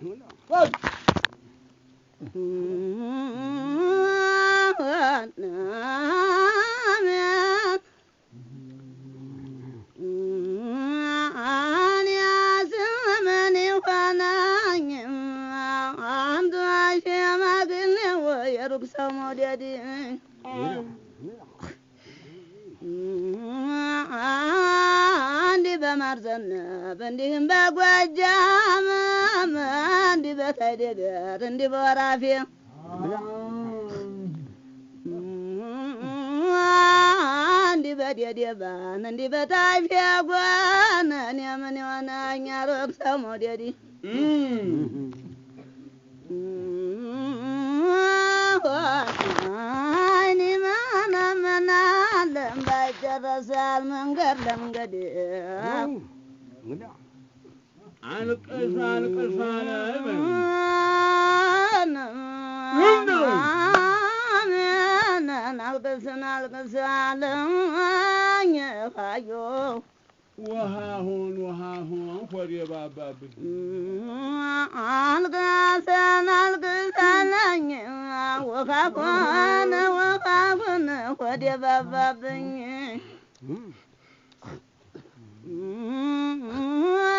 Yeah. ዝናብ ዘነበ እንዲህም በጎጃም እንዲህ በተደገት እንዲህ በወራፌ እንዲህ በደደባን እንዲህ በታይፌ ጎን እኔ ምን የሆነኛ ሮቅ ሰው መውደዲ ይደረሳል መንገድ ለመንገድ አልቅሳ አልቅሳ አልቅስ አልቅስ አለኝ ውሃ ሁን ውሃ ሁን ሆዴ ባባብኝ አልቅሰን አልቅሰነኝ ውሃ ኮነ ውሃ ኮነ ሆዴ ባባብኝ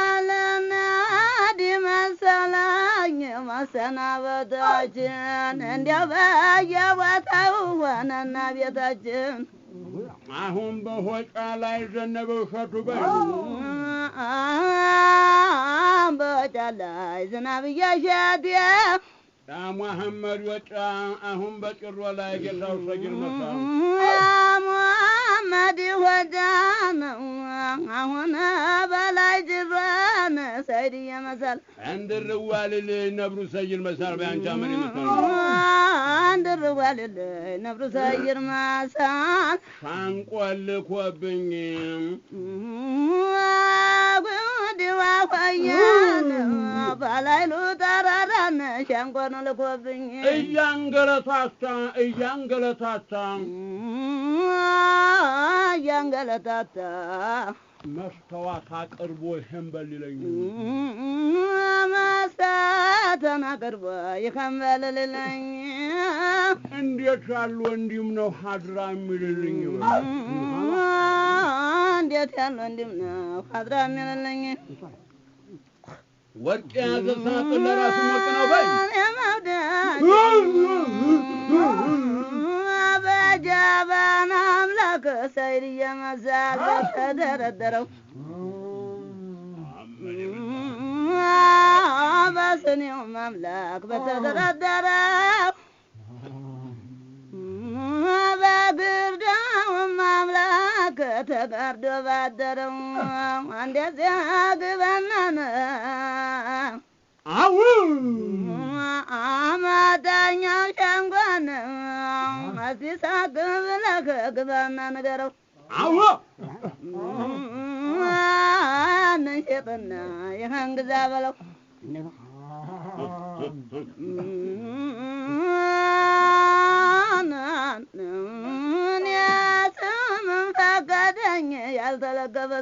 አለናድ መሰላኝ መሰናበታችን እንዲያው በየቦታው ሆነና ቤታችን አሁን በሆጫ ላይ ዘነበ እሸቱ በሉ በጫ ላይ ዝናብ እያሸት ሙሐመድ ወጫ አሁን በጭሮ ላይ ጌታው ሰጊር መጣ ሙሐመድ ወዳ ነው አሁን በ ሰይድ የመሰል አንድርዋልል ነብሩ ሰይር መሳል በያንቻ ምን የምትሆነ ነብሩ ሰይር መሳል ታንቆልኮብኝ ጉድዋ ሆያን ባላይሉ ሸንቆን ልኮብኝ እያንገለታታ እያንገለታታ እያንገለታታ መስተዋት አቅርቦ ይህም በሊለኝ መሳተን አቅርቦ ይህም በልልለኝ እንዴት ያሉ ወንድም ነው ሀድራ የሚልልኝ እንዴት ያሉ ወንድም ነው ሀድራ የሚልልኝ ወርቅ የያዘ ሳጥን ለራሱ ሞቅ ነው በይ ኃይል እየመዛዛ ተደረደረው በስኔው አምላክ በተደረደረው በግርዳው አምላክ ተጋርዶ ባደረው እንደዚያ ግበናነ አው አማዳኛው ሸንጎን እስቲ ሳቅ ብለህ ግባና አዎ ምን ሸጥና ይህን ግዛ በለው ምን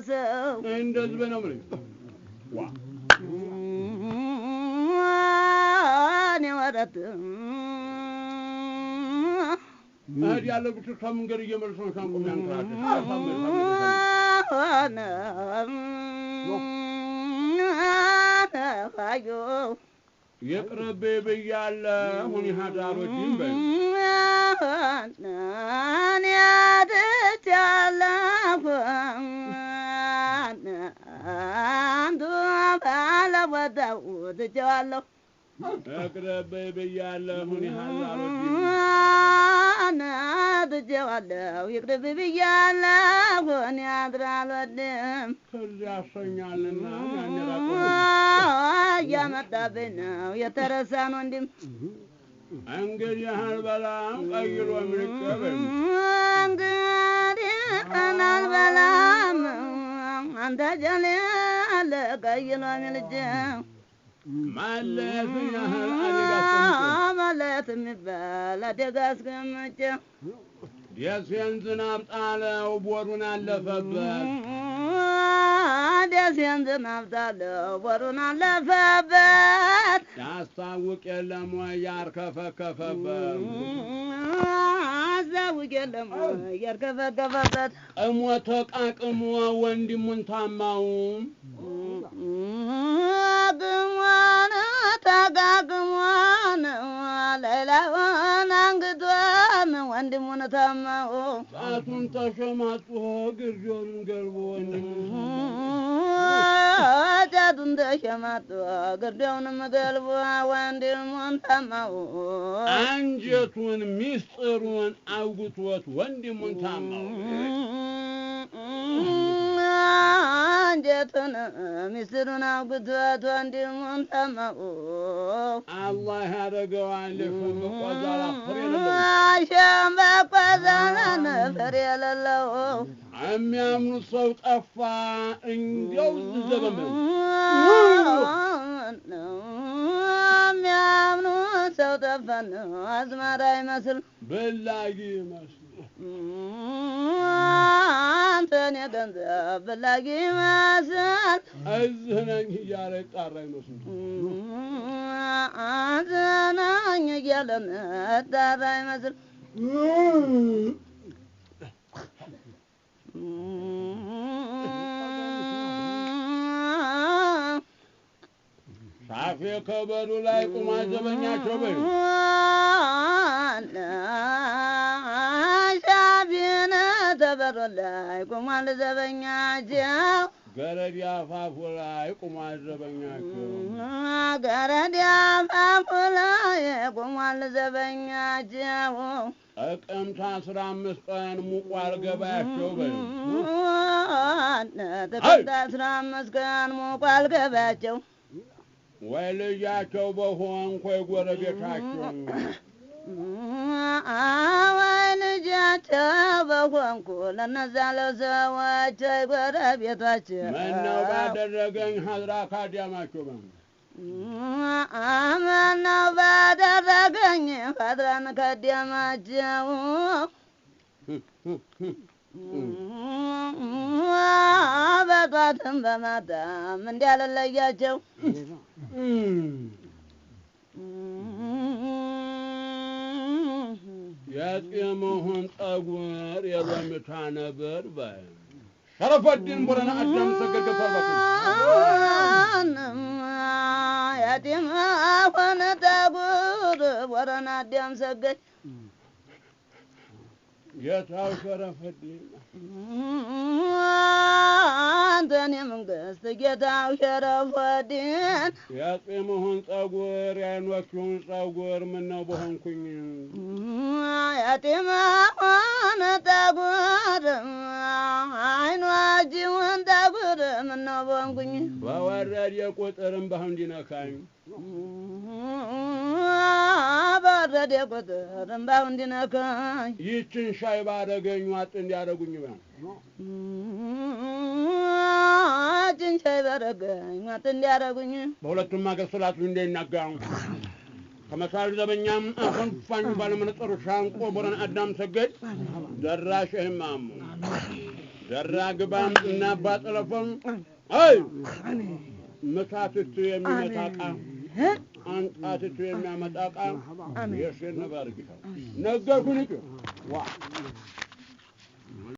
ሰው እንደዚህ ነው ምለኝ እኔ ወረት መሄድ ያለብሽ ከመንገድ እየመለሰ ነው። ሳምቡ ያንከራተት የቅረቤ ብያለ ሁን ሀዳሮችን በ ወድጀዋለሁ ብያለ ሀዳሮችን ቃና ብጀዋለሁ ይቅርብ ብያለሁ እኔ አድራ አልወድም ያሰኛልና እያመጣብኝ ነው የተረሳን ወንድም እንግዲህ አልበላም ቀይሮ ምንቀበል እንግዲህ ቀን አልበላም አንተ ጀሌ አለ ቀይሮ ምልጀው ማለት የሚባል አደጋ አስገምቼ ደሴን ዝናብ ጣለው ቦሩን አለፈበት ደሴን ዝናብ ጣለው ቦሩን አለፈበት ያስታውቅ የለም ወይ ያርከፈከፈበት ያስታውቅ የለም ወይ ያርከፈከፈበት ወንድሙን ታማውም ደጋግሞን ሌላውን አንግዶን ወንድሙን ታመው ጣቱን ተሸማጥሆ ግርጆኑን ገልቦ ወንድሙ ጣቱን ተሸማጥሆ ግርጆውንም ገልቦ ወንድሙን ታመው አንጀቱን ሚስጥሩን አውግቶት ወንድሙን ታመው ሴቱን ሚስቱን አግብቷት ወንድሙን ጠመቁ አላህ ያደርገዋል አሸን በቆዘረን ፍሬ የሌለው የሚያምኑ ሰው ጠፋ። እንዲያው ዘበመ የሚያምኑ ሰው ጠፋ። አዝመራ ይመስል በላጊ ይመስል ገንዘብ ፈላጊ መሰል እዚህ እያለ ይጣራኝ ነው ስንቱ አዝናኝ እያለ መጣራ ይመስል ሳፌ ከበሩ ላይ ቁማ ዘበኛቸው በዩ ላይ ቆሟል ዘበኛቸው ገረድ አፋፉ ላይ ቆሟል ዘበኛቸው ገረድ አፋፉ ላይ ቆሟል ዘበኛቸው ጥቅምት አስራ አምስት ቀን ሙቋል ገበያቸው በ ጥቅምት አስራ አምስት ቀን ሙቋል ገበያቸው ወይ ልጃቸው በሆንኩ ወይ ጎረቤታቸው ልጃቸው በሆንኩ ለነዛ ለሰዎች ጎረቤቶች መናው ባደረገኝ ሀድራ ካዲያማቸው በሙሉ አመናው ባደረገኝ ሀድራን ካዲያማቸው በጧትም በማታም እንዲያለለያቸው ታነበር ባይ ሸረፈዲን ቦረና አዳም ሰገድ ገብቷል ሆነ ታቡር ቦረና አዳም ሰገድ ጌታው ሸረፈዲን አንተን የመንግስት ጌታው ሸረፈዲን ያጼ ጸጉር ያይኖቹን ጸጉር ምነው በሆንኩኝ ያጤ መሆን ጸጉር አይኗጅውን ጠጉር ምነው በሆንኩኝ ባዋራድ የቁጥርም ባህን እንዲነካኝ ባረድ የቁጥር እምባው እንዲነካኝ ይችን ሻይ ባረገኙ አጥ እንዲያደረጉኝ በ ይችን ሻይ ባረገኙ አጥ እንዲያደረጉኝ በሁለቱም ሀገር ስላቱ እንደይናጋሙ ከመሳሪ ዘበኛም አፈንፋኝ ባለመነጽር ሻንቆ ቦረን አዳም ሰገድ ዘራ ሸህማሙ ዘራ ግባም እና ባጠለፎም አይ መሳትቱ የሚመጣቃ አንጣትቱ የሚያመጣቃ የሽን ነበር ነገርኩን ዋ